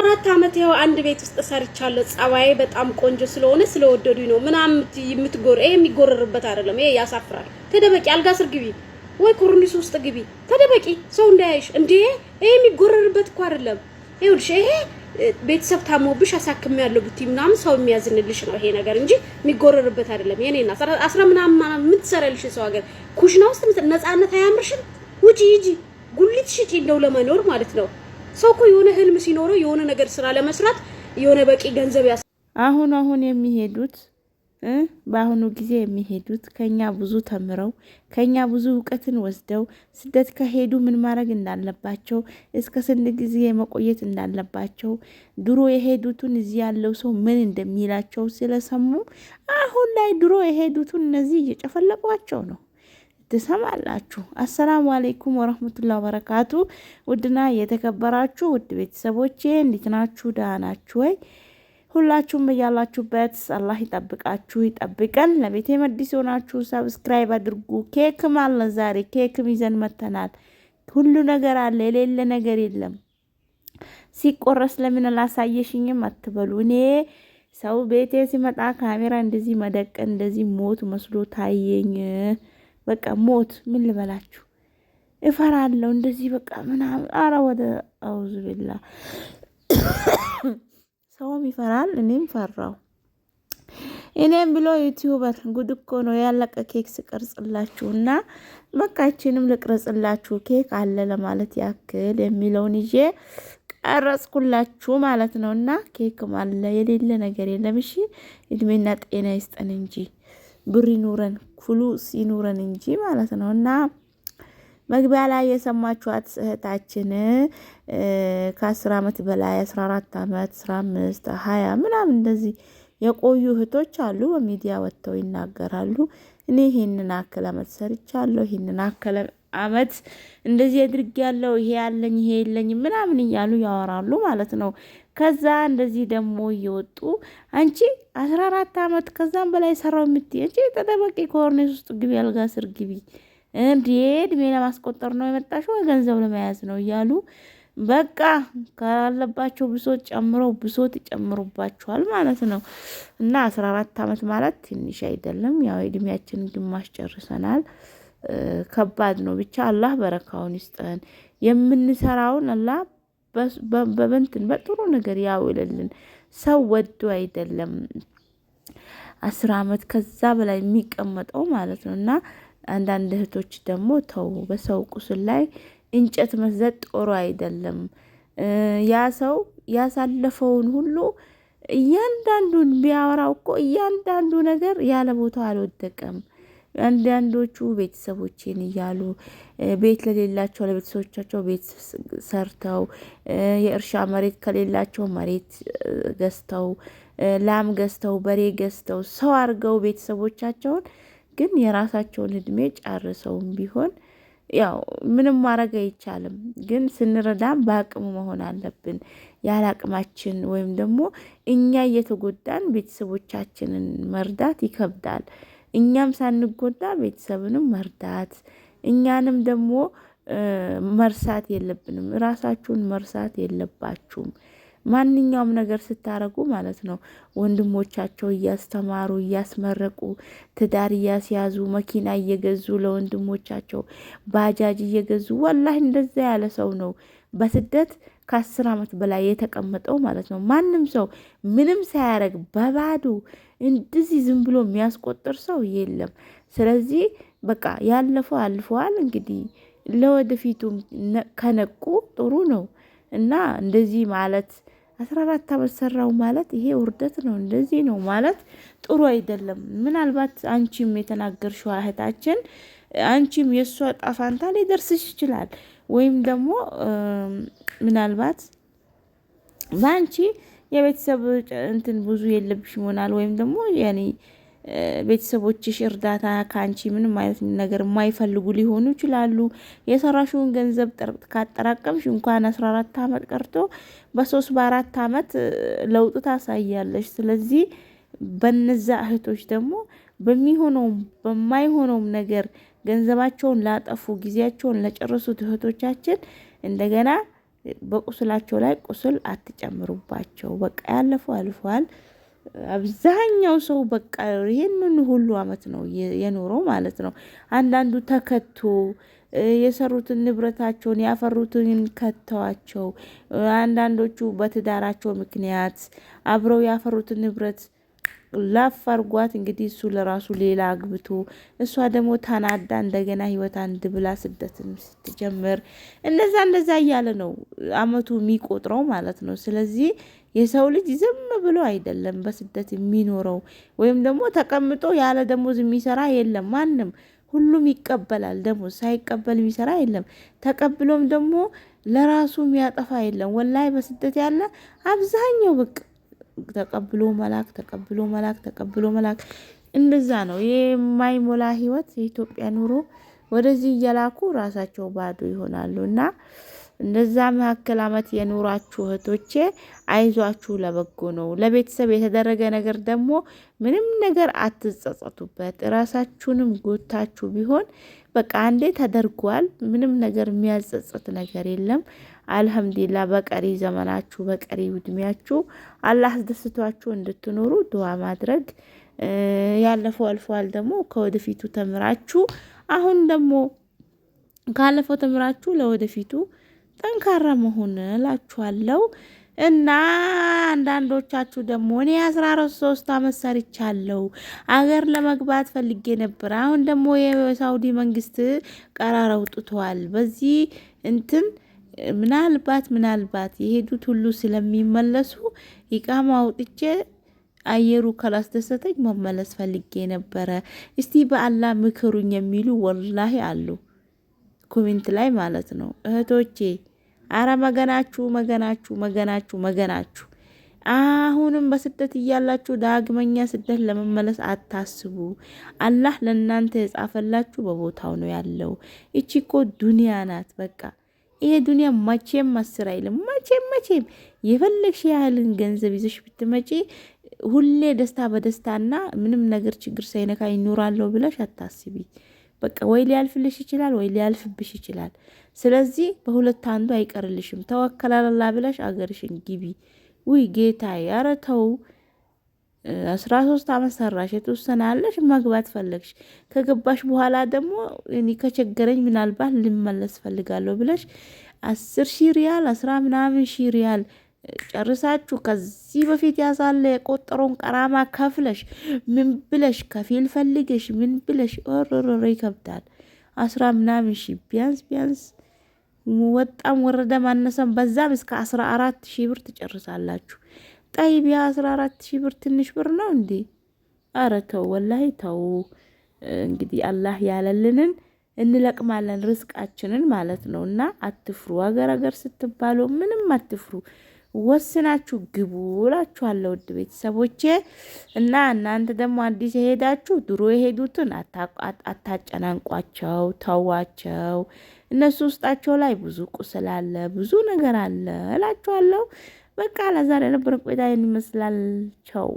አራት አመት ያው አንድ ቤት ውስጥ ሰርቻለሁ። ጸባዬ በጣም ቆንጆ ስለሆነ ስለወደዱኝ ነው ምናምን የምትጎር ይሄ የሚጎረርበት አይደለም። ይሄ ያሳፍራል። ተደበቂ፣ አልጋ ስር ግቢ ወይ ኮርኒስ ውስጥ ግቢ ተደበቂ፣ ሰው እንዳያይሽ። እንዴ ይሄ የሚጎረርበት እኮ አይደለም። ይኸውልሽ ይሄ ቤተሰብ ታሞብሽ አሳክም ያለው ብቲ ምናምን ሰው የሚያዝንልሽ ነው ይሄ ነገር እንጂ የሚጎረርበት አይደለም። የኔ እና አስራ ምናምን የምትሰራልሽ ሰው ሀገር ኩሽና ውስጥ ነፃነት አያምርሽም። ውጪ ሂጂ፣ ጉሊት ሽጪ እንደው ለመኖር ማለት ነው። ሰው እኮ የሆነ ህልም ሲኖረው የሆነ ነገር ስራ ለመስራት የሆነ በቂ ገንዘብ ያስ አሁን አሁን የሚሄዱት በአሁኑ ጊዜ የሚሄዱት ከኛ ብዙ ተምረው ከኛ ብዙ እውቀትን ወስደው ስደት ከሄዱ ምን ማድረግ እንዳለባቸው እስከ ስንት ጊዜ መቆየት እንዳለባቸው ድሮ የሄዱትን እዚህ ያለው ሰው ምን እንደሚላቸው ስለሰሙ አሁን ላይ ድሮ የሄዱትን እነዚህ እየጨፈለቋቸው ነው። ትሰማላችሁ። አሰላሙ አሌይኩም ወረህመቱላ በረካቱ። ውድና የተከበራችሁ ውድ ቤተሰቦቼ እንዴት ናችሁ? ደህና ናችሁ ወይ? ሁላችሁም እያላችሁበት አላህ ይጠብቃችሁ ይጠብቀን። ለቤቴ መዲስ ሆናችሁ ሰብስክራይብ አድርጉ። ኬክም አለ ዛሬ ኬክም ይዘን መተናል። ሁሉ ነገር አለ፣ የሌለ ነገር የለም። ሲቆረስ ለምን ላሳየሽኝም አትበሉ። እኔ ሰው ቤቴ ሲመጣ ካሜራ እንደዚህ መደቀን እንደዚህ ሞት መስሎ ታየኝ። በቃ ሞት ምን ልበላችሁ እፈራለሁ። እንደዚህ በቃ ምናምን አረ ወደ አውዝ ቢላ ሰውም ይፈራል። እኔም ፈራው። እኔም ብሎ ዩቲዩበር ጉድ እኮ ነው ያለቀ ኬክ ስቀርጽላችሁ እና በቃችንም ልቅረጽላችሁ ኬክ አለ ለማለት ያክል የሚለውን ይዤ ቀረጽኩላችሁ ማለት ነው። እና ኬክም አለ የሌለ ነገር የለም። እሺ እድሜና ጤና ይስጠን እንጂ ብር ይኑረን። እኩሉ ሲኑረን እንጂ ማለት ነው እና መግቢያ ላይ የሰማችኋት እህታችን ከአስር አመት በላይ አስራ አራት አመት አስራ አምስት ሀያ ምናምን እንደዚህ የቆዩ እህቶች አሉ። በሚዲያ ወጥተው ይናገራሉ። እኔ ይህንን አክል አመት ሰርቻለሁ፣ ይህንን አክል አመት እንደዚህ አድርጌያለሁ፣ ይሄ ያለኝ ይሄ የለኝ ምናምን እያሉ ያወራሉ ማለት ነው። ከዛ እንደዚህ ደግሞ እየወጡ አንቺ አስራ አራት አመት ከዛም በላይ ሰራው የምትይ አንቺ ተጠበቂ ኮርኔስ ውስጥ ግቢ፣ አልጋ ስር ግቢ፣ እንዴ እድሜ ለማስቆጠር ነው የመጣሽው ገንዘብ ለመያዝ ነው እያሉ በቃ ካለባቸው ብሶት ጨምሮ ብሶት ይጨምሩባቸዋል ማለት ነው። እና አስራ አራት አመት ማለት ትንሽ አይደለም። ያው እድሜያችን ግማሽ ጨርሰናል። ከባድ ነው። ብቻ አላህ በረካውን ይስጠን። የምንሰራውን አላህ በበንትን በጥሩ ነገር ያውልልን። ሰው ወዶ አይደለም አስር አመት ከዛ በላይ የሚቀመጠው ማለት ነው። እና አንዳንድ እህቶች ደግሞ ተው በሰው ቁስል ላይ እንጨት መዘጥ ጥሩ አይደለም። ያ ሰው ያሳለፈውን ሁሉ እያንዳንዱን ቢያወራው እኮ እያንዳንዱ ነገር ያለ ቦታው አልወደቀም። አንዳንዶቹ ቤተሰቦቼን እያሉ ቤት ለሌላቸው ለቤተሰቦቻቸው ቤት ሰርተው የእርሻ መሬት ከሌላቸው መሬት ገዝተው ላም ገዝተው በሬ ገዝተው ሰው አድርገው ቤተሰቦቻቸውን ግን የራሳቸውን እድሜ ጨርሰውም ቢሆን ያው ምንም ማድረግ አይቻልም። ግን ስንረዳም በአቅሙ መሆን አለብን። ያለ አቅማችን ወይም ደግሞ እኛ እየተጎዳን ቤተሰቦቻችንን መርዳት ይከብዳል። እኛም ሳንጎዳ ቤተሰብንም መርዳት እኛንም ደግሞ መርሳት የለብንም። ራሳችሁን መርሳት የለባችሁም። ማንኛውም ነገር ስታረጉ ማለት ነው። ወንድሞቻቸው እያስተማሩ እያስመረቁ ትዳር እያስያዙ መኪና እየገዙ ለወንድሞቻቸው ባጃጅ እየገዙ ወላህ እንደዛ ያለ ሰው ነው በስደት ከአስር ዓመት በላይ የተቀመጠው ማለት ነው። ማንም ሰው ምንም ሳያደርግ በባዶ እንደዚህ ዝም ብሎ የሚያስቆጥር ሰው የለም። ስለዚህ በቃ ያለፈው አልፈዋል። እንግዲህ ለወደፊቱ ከነቁ ጥሩ ነው እና እንደዚህ ማለት አስራ አራት ዓመት ሰራው ማለት ይሄ ውርደት ነው። እንደዚህ ነው ማለት ጥሩ አይደለም። ምናልባት አንቺም የተናገርሽው እህታችን አንቺም የእሷ ጣፋንታ ሊደርስሽ ይችላል። ወይም ደግሞ ምናልባት በአንቺ የቤተሰብ እንትን ብዙ የለብሽ ይሆናል ወይም ደግሞ ያኔ ቤተሰቦችሽ እርዳታ ከአንቺ ምንም አይነት ነገር የማይፈልጉ ሊሆኑ ይችላሉ። የሰራሽውን ገንዘብ ካጠራቀምሽ እንኳን አስራ አራት አመት ቀርቶ በሶስት በአራት አመት ለውጥ ታሳያለሽ። ስለዚህ በነዛ እህቶች ደግሞ በሚሆነውም በማይሆነውም ነገር ገንዘባቸውን ላጠፉ፣ ጊዜያቸውን ለጨረሱት እህቶቻችን እንደገና በቁስላቸው ላይ ቁስል አትጨምሩባቸው። በቃ ያለፈው አልፏል። አብዛኛው ሰው በቃ ይህንን ሁሉ አመት ነው የኖረው ማለት ነው። አንዳንዱ ተከቶ የሰሩትን ንብረታቸውን ያፈሩትን ከተዋቸው። አንዳንዶቹ በትዳራቸው ምክንያት አብረው ያፈሩትን ንብረት ላፍ አርጓት። እንግዲህ እሱ ለራሱ ሌላ አግብቶ እሷ ደግሞ ታናዳ እንደገና ህይወት አንድ ብላ ስደትም ስትጀምር እንደዛ እንደዛ እያለ ነው አመቱ የሚቆጥረው ማለት ነው። ስለዚህ የሰው ልጅ ዝም ብሎ አይደለም በስደት የሚኖረው ወይም ደግሞ ተቀምጦ ያለ ደሞዝ የሚሰራ የለም ማንም ሁሉም ይቀበላል። ደሞዝ ሳይቀበል የሚሰራ የለም። ተቀብሎም ደግሞ ለራሱ የሚያጠፋ የለም። ወላይ በስደት ያለ አብዛኛው በቃ ተቀብሎ መላክ ተቀብሎ መላክ ተቀብሎ መላክ እንደዛ ነው የማይሞላ ህይወት የኢትዮጵያ ኑሮ። ወደዚህ እየላኩ ራሳቸው ባዶ ይሆናሉ እና እነዛ መካከል አመት የኑራችሁ እህቶቼ አይዟችሁ፣ ለበጎ ነው። ለቤተሰብ የተደረገ ነገር ደግሞ ምንም ነገር አትጸጸቱበት። ራሳችሁንም ጎታችሁ ቢሆን በቃ አንዴ ተደርጓል። ምንም ነገር የሚያጸጽት ነገር የለም። አልሐምዲላ በቀሪ ዘመናችሁ በቀሪ ውድሜያችሁ አላህ አስደስቷችሁ እንድትኖሩ ድዋ ማድረግ ያለፈው አልፏል። ደግሞ ከወደፊቱ ተምራችሁ አሁን ደግሞ ካለፈው ተምራችሁ ለወደፊቱ ጠንካራ መሆን እላችኋለሁ። እና አንዳንዶቻችሁ ደግሞ እኔ አስራ አራት ሶስት አመት ሰርቻለሁ አገር ለመግባት ፈልጌ ነበር። አሁን ደግሞ የሳውዲ መንግስት ቀራር አውጥቷል። በዚህ እንትን ምናልባት ምናልባት የሄዱት ሁሉ ስለሚመለሱ ኢቃማ አውጥቼ አየሩ ካላስደሰተኝ መመለስ ፈልጌ ነበረ። እስቲ በአላ ምክሩኝ የሚሉ ወላሂ አሉ፣ ኮሜንት ላይ ማለት ነው እህቶቼ አረ መገናችሁ መገናችሁ መገናችሁ መገናችሁ። አሁንም በስደት እያላችሁ ዳግመኛ ስደት ለመመለስ አታስቡ። አላህ ለእናንተ የጻፈላችሁ በቦታው ነው ያለው። እቺ እኮ ዱንያ ናት። በቃ ይሄ ዱንያ መቼም አስር አይልም። መቼም መቼም የፈለግሽ ያህልን ገንዘብ ይዘሽ ብትመጪ ሁሌ ደስታ በደስታና ምንም ነገር ችግር ሳይነካ ይኖራለሁ ብለሽ አታስቢ። በቃ ወይ ሊያልፍልሽ ይችላል ወይ ሊያልፍብሽ ይችላል። ስለዚህ በሁለት አንዱ አይቀርልሽም። ተወከላላላ ብለሽ አገርሽን ግቢ። ውይ ጌታ ያረተው አስራ ሶስት አመት ሰራሽ፣ የተወሰነ አለሽ፣ መግባት ፈለግሽ። ከገባሽ በኋላ ደግሞ እኔ ከቸገረኝ ምናልባት ልመለስ ፈልጋለሁ ብለሽ አስር ሺ ሪያል አስራ ምናምን ሺ ሪያል ጨርሳችሁ ከዚህ በፊት ያሳለ የቆጠረውን ቀራማ ከፍለሽ ምን ብለሽ ከፊል ፈልገሽ ምን ብለሽ ኦሮሮሮ ይከብዳል። አስራ ምናምን ሺ ቢያንስ ቢያንስ ወጣም ወረደ ማነሰም በዛም እስከ 14 ሺህ ብር ትጨርሳላችሁ። ጠይብ የ14 ሺህ ብር ትንሽ ብር ነው እንዴ? አረ ተው ወላሂ ተው። እንግዲህ አላህ ያለልንን እንለቅማለን ርስቃችንን ማለት ነው። እና አትፍሩ፣ አገር አገር ስትባሉ ምንም አትፍሩ። ወስናችሁ ግቡ እላችኋለሁ ውድ ቤተሰቦቼ። እና እናንተ ደግሞ አዲስ የሄዳችሁ ድሮ የሄዱትን አታጨናንቋቸው፣ ተዋቸው። እነሱ ውስጣቸው ላይ ብዙ ቁስል አለ፣ ብዙ ነገር አለ እላችኋለሁ። በቃ ለዛሬ የነበረን ቆይታ ይመስላል። ቻው።